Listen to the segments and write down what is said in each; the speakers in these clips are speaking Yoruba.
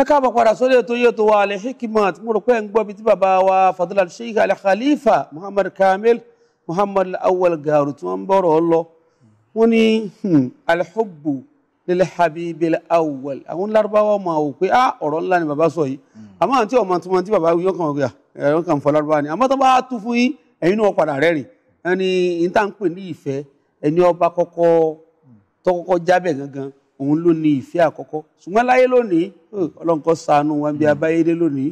ẹ káàbọ̀ padà sórí ètò yìí ètò wa Al-Hikmat mo rò pé ẹ̀ ń gbọ́ bí tí bàbá wa fadúlà sheikh al-khalifa muhammad kamil muhammad awal garu tí wọ́n ń bọ̀rọ̀ ọ lọ wọ́n ní hmm, alḥubu lil habibil awal àwọn lárúbáwá ọmọ àwò pé á ah, ọ̀rọ̀ ńlá ni bàbá sọ yìí àmọ́ àti ọmọ tí wọ́n ti bàbá yóò kàn wíyà ẹ̀rọ ah, eh, kàn fọ lárúbáwá ni àmọ́ tó bá tú fún yín ẹ̀yin náà padà rẹ́rìn ẹni ìtàǹpẹ̀ ní ìfẹ́ ẹni ọba kọ́kọ́ tọ́kọ́kọ́ òun ló ní ìfẹ́ àkọ́kọ́ ṣùgbọ́n láyé lónìí hmm. ọlọ́nkọ́ ṣàánú wọn bí abáyédé lónìí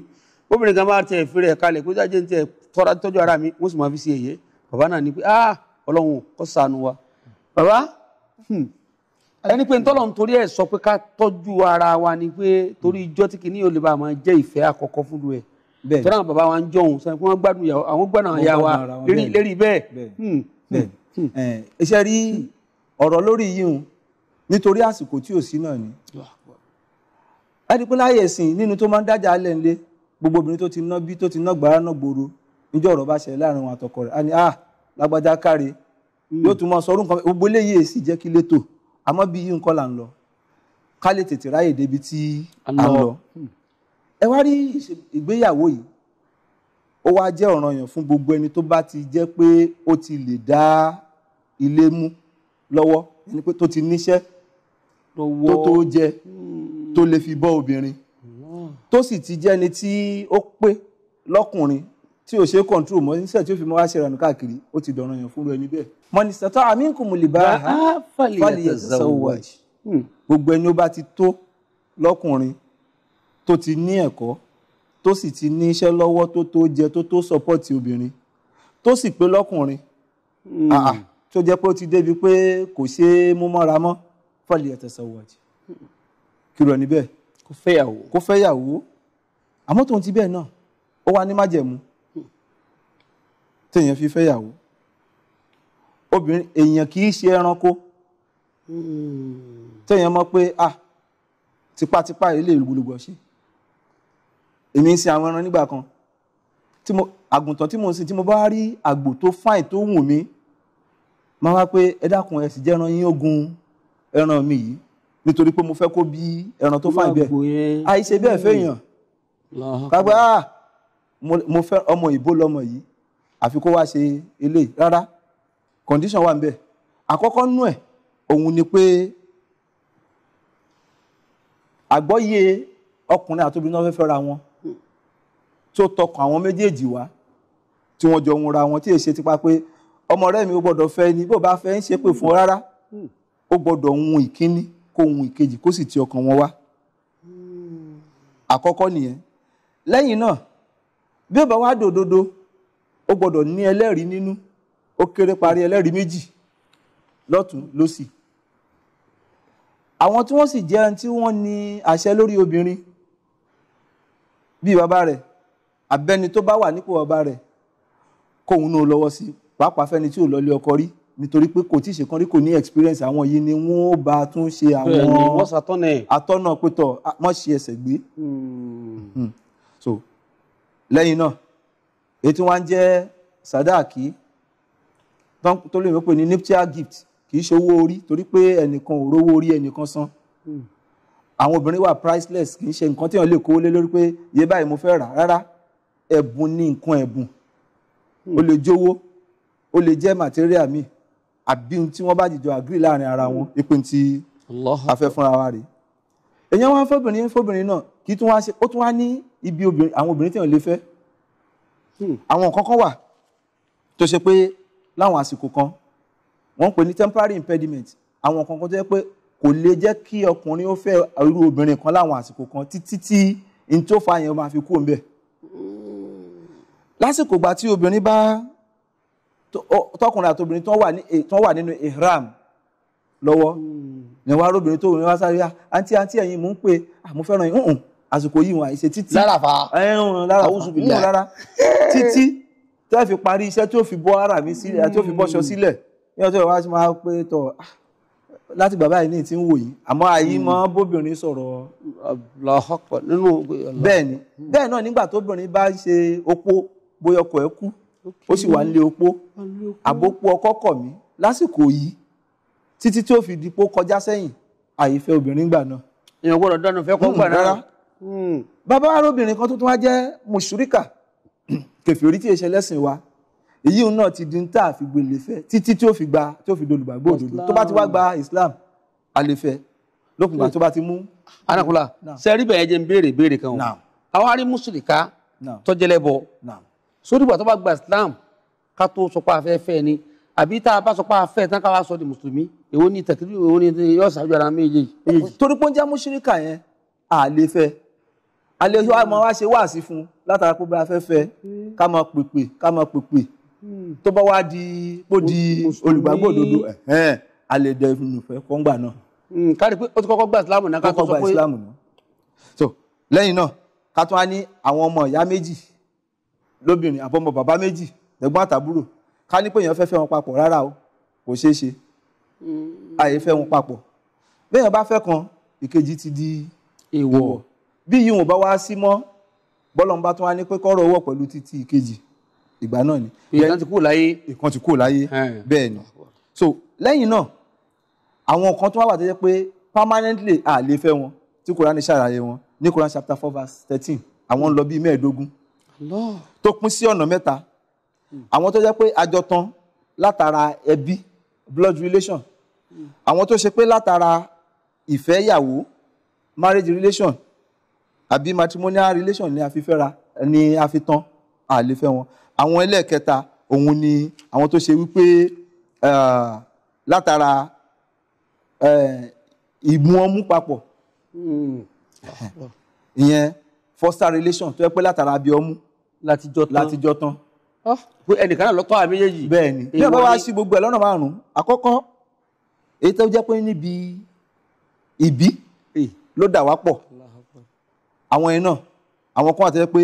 obìnrin kan bá tẹ ẹ̀fín rẹ̀ kalẹ̀ kó jáde ń tẹ tọ́ra tọ́jú ara mi wọ́n sì máa fi ṣe èyẹ bàbá náà ní pé ah ọlọ́run kọ́ ṣàánú wa bàbá hmm. ẹni pé ntọ́lọ̀ nítorí ẹ̀ sọ pé ká tọ́jú ara wa ni pé torí hmm. ijọ́ tí kìíní yóò lè bá máa jẹ́ ìfẹ́ àkọ́kọ́ fún lu ẹ̀ tọ́lá àwọn bàbá wa ń jọ̀hún sọ pé wọ́n gbádùn àwọn gbádùn àwọn ìyá wa lérí bẹ́ẹ̀. ẹ ṣe rí ọ̀rọ̀ lórí yìí nítorí àsìkò tí ò sí náà ni ẹ di pé láyé ẹ̀sìn nínú tó máa ń dájà alẹ́ ńlé gbogbo obìnrin tó ti ná bí tó ti ná gbàrà náà gbòòrò níjọ́ ọ̀rọ̀ bá ṣẹlẹ̀ láàrin wọn àtọkọ rẹ̀ á ní à ah, lágbájá káre hmm. yóò tún mọ sọ̀rọ̀ nǹkan gbogbo eléyìí èsì jẹ́ kí létò àmọ́ bí yìí nǹkan là ń lọ ká lè tètè ráyè débi tí à lọ. ẹ wá rí ìgbéyàwó yìí ó wá jẹ́ ọ̀ranyàn fún gbogbo ẹni tó bá ti jẹ́ pé ó ti lè dá ilé mú lọ́wọ́ ẹni pé tó ti níṣẹ́ tó tó jẹ tó lè fi bọ́ obìnrin tó sì ti jẹ́ni tí ó pé lọ́kùnrin tí ò ṣe kọ̀ǹtúrò mọ́ níṣẹ́ tí ó fi mọ́ wá ṣe ìrànú káàkiri ó ti dọ̀ràn yàn fúnra ẹni bẹ́ẹ̀. mọ́nísítà aminkum libaha falyatazawwaj hmm. gbogbo ẹni ó bá ti tó lọ́kùnrin tó ti ní ẹ̀kọ́ tó sì ti ní iṣẹ́ lọ́wọ́ tó tó jẹ tó tó sọ́pọ́ọ̀tì obìnrin tó sì pé lọ́kùnrin hmm. tó jẹ́ pé ó ti débi pé kò ṣe é mú mọ́ra mọ́ falyatazawwaj kí ló ní bẹ́ẹ̀. kó fẹ́yàwó. kó fẹ́yàwó àmọ́ tóun ti bẹ́ẹ̀ náà ó wà ní májẹ̀mú téèyàn fi fẹ́yàwó obìnrin èèyàn kì í ṣe ẹranko téèyàn mọ̀ pé ah tipátipá yìí lè gbólógbò ṣe èmi ń sin àwọn ẹran nígbà kan tí mo àgùntàn tí mo ń sin tí mo bá rí àgbò tó fáìn tó wù mí máa wá pé ẹ dákun ẹ sì jẹ́ran yín ogun ẹran mi yìí nítorí pé mo fẹ́ kó bí ẹran tó fàìn bẹ́ẹ̀ àìṣe bẹ́ẹ̀ fẹ́yàn kágbá ah, mo fẹ́ ọmọ ìbò lọmọ yìí àfi kó wá ṣe eléyìí rárá condition wà ń bẹ̀ àkọ́kọ́ nú ẹ̀ òun ni pé àgbọ́yé ọkùnrin àti obìnrin náà fẹ́ fẹ́ra wọn tó tọkàn àwọn méjèèjì wá tí wọ́n jọ ń ra wọn tí èsì tipa pé ọmọ rẹ̀ mi ò gbọ́dọ̀ fẹ́ ni bó bá fẹ́ ń ṣe pé fún ọ rárá hmm ó gbọ́dọ̀ hun ìkíní kó hun ìkejì kó sì ti ọkàn wọn wá àkọ́kọ́ nìyẹn lẹ́yìn náà bí ó bá wá dòdodo ó gbọ́dọ̀ ní ẹlẹ́rìí nínú ó kéré parí ẹlẹ́rìí méjì lọ́tún lọ́sì àwọn tí wọ́n sì jẹ́ ẹni tí wọ́n ní àṣẹ lórí obìnrin bíi bàbá rẹ̀ abẹ́ni tó bá wà nípò bàbá rẹ̀ kóun náà lọ́wọ́ sí pàápàá fẹ́ni tí ò lọ lé ọkọ rí nítorí pé kò tí ì ṣe kan rí kò ní experience àwọn yìí ni wọ́n bá tún ṣe àwọn atọ́nà pétọ̀ mọ́ ṣe ẹsẹ̀ gbé hmm. so lẹ́yìn náà ètò wa ń jẹ́ sadaki tó lè pè ní nuptial gift kì í ṣe owó orí torí pé ẹnìkan ò rówó orí ẹnìkan san hmm. àwọn obìnrin wà priceless kì í ṣe nǹkan tí wọ́n lè kówó lé lórí pé iye báyìí mo fẹ́ rà rárá ẹ̀bùn ni nǹkan ẹ̀bùn hmm. ó lè jówó ó lè jẹ́ material míì àbí ohun tí wọ́n bá jìjọ agree láàrin ara wọn ìpín tí a fẹ́ fúnra wa rè èèyàn wá ń fọbìnrin ń fọbìnrin náà kì í tún wá ṣe ó tún wá ní ibi obìnrin àwọn obìnrin téèyàn lè fẹ́ hmm. àwọn nǹkan kan wà tó ṣe pé láwọn àsìkò kan wọ́n ń pè ní temporary impediment àwọn nǹkan kan tó yẹ pé kò lè jẹ́ kí ọkùnrin ó fẹ́ irú obìnrin kan láwọn àsìkò kan títí tí n tó fa yẹn máa fi kú òun bẹ́ẹ̀ hmm. lásìkò ìgbà tí obìnrin bá tọkùnrin àtobìnrin eh, tó wà nínú ihram lọ́wọ́ hmm. ni wàá róbìnrin tó wà sáré àǹtí ah, àǹtí ẹ̀yin mò ń pè àmúfẹ́ràn ah, yìí àsìkò yìí wọn àìṣe títí lára fa ẹ̀hún lára òṣùbìlà lára títí tó fi parí iṣẹ́ tó fi bọ́ ara mi sílẹ̀ tó fi bọ́ṣọ hmm. sílẹ̀ ní ọjọ́ ìwà tí máa pé tọ̀ ah, láti bàbá yìí ní ti ń wò yìí àmọ́ ayé mọ́ hmm. bóbìnrin sọ̀rọ̀ bẹ́ẹ̀ ni bẹ́ẹ̀ náà nígbà tóbìnrin bá ṣe opó bóyá ọkọ ẹ̀ kú ó sì wà nílé opó àbópó ọkọ kọ mí lásìkò yìí títí tí ó fi di pó kọjá sẹ́yìn àyífẹ́ obìnrin gbà náà. èèyàn gbọ́dọ̀ dáná fẹ́ kọ́ hmm, gbà náà. Hmm. bàbá arúbìnrin kan tó tún wá jẹ́ mùsùríkà kèfèrí tí èṣẹ lẹ́sìn wa èyí náà ti di ń tà fi gbélé fẹ́ títí tí ó fi gba tí ó fi dolùgbàgbọ́ òdodo tó bá ti wá gba Islam àlefẹ́ lókùngbà hmm. tó bá ti mú. anakunla sẹ́rí bẹ̀yẹn jẹ́ ń béèrè ìbéèrè kan o àwa rí mùsùlùkà tọ́jẹ́lẹ́bọ sódìgbà tó bá gba Islam ká tó sọ pé afẹ́fẹ́ ni àbí tá a bá sọ pé afẹ́ tán ká wá sọ di mùsùlùmí èwo ni tẹ̀kírí èwo ni yóò ṣáájú ara méjèèjì. torí pé ó ń jẹ́ mùṣírìkà yẹn àlè fẹ́ alẹ́ yóò máa wá ṣe wáàsí fún un látara pé bá a fẹ́ fẹ́ ká máa pèpè ká máa pèpè tó bá wá di pò di olùgbàgbọ́ òdodo alẹ́ dẹ ìfúnnufẹ́ kọ́ngbà náà. Hmm, kárí pé ó ti kọ́kọ́ gba ìsìlámù náà ká tó sọ pé lẹ́yìn náà ká tún wá ní àwọn ọmọ ìyá méjì lóbìnrin àbọ̀mọ bàbá méjì ẹ̀gbọ́n àtàbúrò ká ní pé èèyàn fẹ́ fẹ́ wọn papọ̀ rárá o kò ṣeé ṣe mm. àyè fẹ́ wọn papọ̀ béèyàn bá fẹ́ kan ìkejì ti di èèwọ̀ bí yìí wọn bá wá sí mọ́ bọ́lọ̀ ń bá tún wá ní pé kọ́rọ̀ owó pẹ̀lú títí ìkejì ìgbà náà ni. ìkan ti kú láyé. ìkan ti kú láyé bẹ́ẹ̀ ni so lẹ́yìn náà àwọn kan tó wá wà tó jẹ́ pé permanently à lè fẹ́ wọn tí Kùránì ṣàlàyé wọn ní Kùránì chapter four verse thirteen àwọn ń lọ bíi mẹ́ẹ̀ẹ́dógún tó pín sí ọ̀nà mẹ́ta àwọn tó jẹ́ pé àjọtán látara ẹbí blood relation àwọn tó ṣe pé látara ìfẹ́yàwó marriage relation àbí matrimonial relation ni a fi fẹ́ra ni a fi tán a lè fẹ́ wọn àwọn ẹlẹ́ẹ̀kẹta òun ni àwọn tó ṣe wípé látara ìmú ọmú papọ̀ hmm. ìyẹn foster relation tó yẹ pé látara bí ọmú látijọ́ tán látijọ́ tán. Oh. ẹnìkan náà lọ́tọ́ àmì yéyì. bẹ́ẹ̀ni bí ọba wa ṣí gbogbo ẹ lọ́nà márùn-ún àkọ́kọ́ èyí tó jẹ́ pé níbi ìbí ló dà wá pọ̀ àwọn yẹn náà àwọn kan àti pé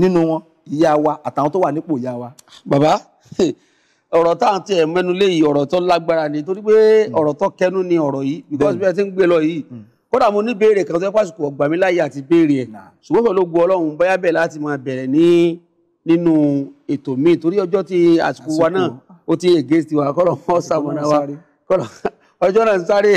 nínú wọn ìyá wa àtàwọn tó wà nípò ìyá wa. bàbá ọ̀rọ̀ tá à ń tiẹ̀ mẹ́nu léyìí ọ̀rọ̀ tó lágbára ni torí pé hmm. ọ̀rọ̀ tó kẹnu ni ọ̀rọ̀ yìí because bí ẹ ti ń gbé lọ yìí. Hmm kódà mo ní béèrè kan tó yẹ pàṣípò ọgbà mi láyé àti béèrè ẹ̀ ṣùgbọ́n pẹ̀lú ogun ọlọ́run bóyá bẹ̀ láti máa bẹ̀rẹ̀ ní nínú ètò míì torí ọjọ́ tí àsìkò wa náà ó ti ègé tiwa kọ́lọ̀ wọn sàmọ̀nà wa kọ́lọ̀ ọjọ́ náà ń sáré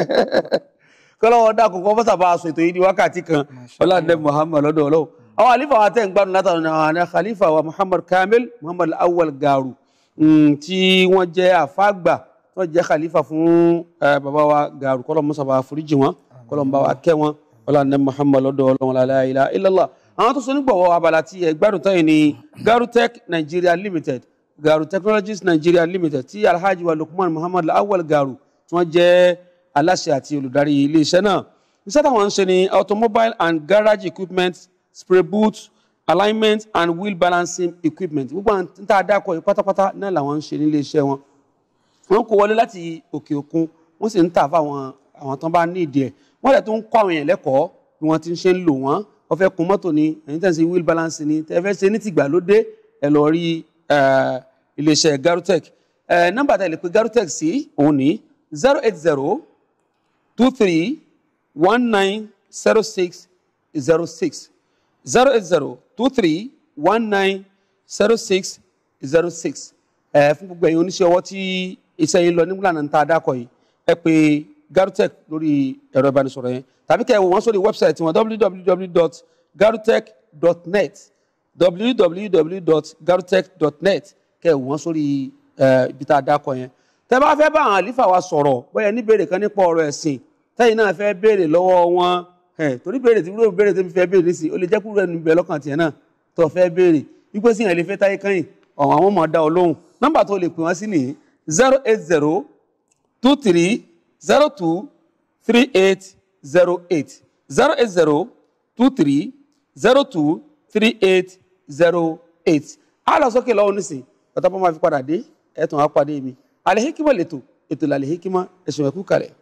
kọ́lọ̀ wọn dákun kọ́ fọ́sà bá a ètò yìí ní wákàtí kan ọlọ́dẹ Muhammad lọ́dọ̀ ọlọ́wọ́ àwọn àlífà wa tẹ̀ ń gbádùn látàrí àwọn àlífà wa Muhammad Kamil Muhammad Awal Garu mm, tí wọ́n wọ́n jẹ́ khalifa fún Baba wa gàrú kọ́lọ́ mọ́sàbà foríjì wọn kọ́lọ́ bá wa kẹ́ wọn ọlọ́run ní muhammadu lọ́dọ̀ ọlọ́run la ilaha illallah àwọn tó so nígbọ̀wọ́ abala Abalati. ẹ̀ gbádùn tán yìí ni garutech nigeria limited garu technologies nigeria limited ti alhaji wa lukman muhammad awal garu tí wọ́n jẹ́ aláṣẹ àti olùdarí iléeṣẹ́ náà iṣẹ́ táwọn ń ṣe ni automobile and garage equipment spray boot alignment and wheel balancing equipment gbogbo àwọn tá a dákọ̀ yìí pátápátá náà làwọn ń ṣe ní iléeṣẹ́ wọn wọ́n ń kó wọlé láti òkè òkun wọ́n sì ń tà fáwọn àwọn tán bá ní ìdí ẹ̀ wọ́n dẹ̀ tó ń kọ́ àwọn èèyàn lẹ́kọ̀ọ́ bí wọ́n ti ń ṣe ń lò wọ́n wọ́n fẹ́ kun mọ́tò ni ẹ̀yin tẹ̀ ń ṣe wheel balance ni tẹ́ fẹ́ ṣe ní tìgbàlódé ẹ̀ lọ rí iléeṣẹ́ Garutech nọ́mbà tẹ̀lé pé Garutech sí òun ní zero eight zero two three one nine zero six zero six zero eight zero two three one nine zero six zero six fún gbogbo ẹ̀yin oníṣẹ́ ọwọ́ tí iṣẹ́ yìí lọ nígbà náà tá a dákọ̀ yìí ẹ pé garutech lórí ẹ̀rọ ìbánisọ̀rọ̀ yẹn tàbí kẹ́ ẹ wò wọ́n sórí wẹ́bsáìtì wọn www.garutech.net www.garutech.net kẹ́ ẹ wò wọ́n sórí ibi tá a dákọ̀ yẹn tẹ́ bá fẹ́ bá àwọn àlífà wa sọ̀rọ̀ bóyá ní béèrè kan nípa ọ̀rọ̀ ẹ̀sìn tẹ́yìn náà fẹ́ béèrè lọ́wọ́ wọn torí béèrè tí wúlò béèrè tí mi fẹ́ béèrè sí o lè jẹ́ kúrò ẹnu ibẹ̀ lọ́kàn tiẹ̀ náà tó fẹ́ béèrè wípé sí yẹn lè fẹ́ táyé kẹ́yìn ọ̀hún àwọn ọmọ ọ̀dà olóhùn nọ́mbà tó lè pè wọ́n sí nìyí zero eight zero two three zero two three eight zero eight zero eight zero two three zero two three eight zero eight a lọ sókè lọ́wọ́ ma bàtà bá máa fi padà dé ẹ̀tàn á padà mi Al Hikmat lẹ́tọ̀ ètò Al Hikmat ẹ̀sùn ẹ̀kú kalẹ̀.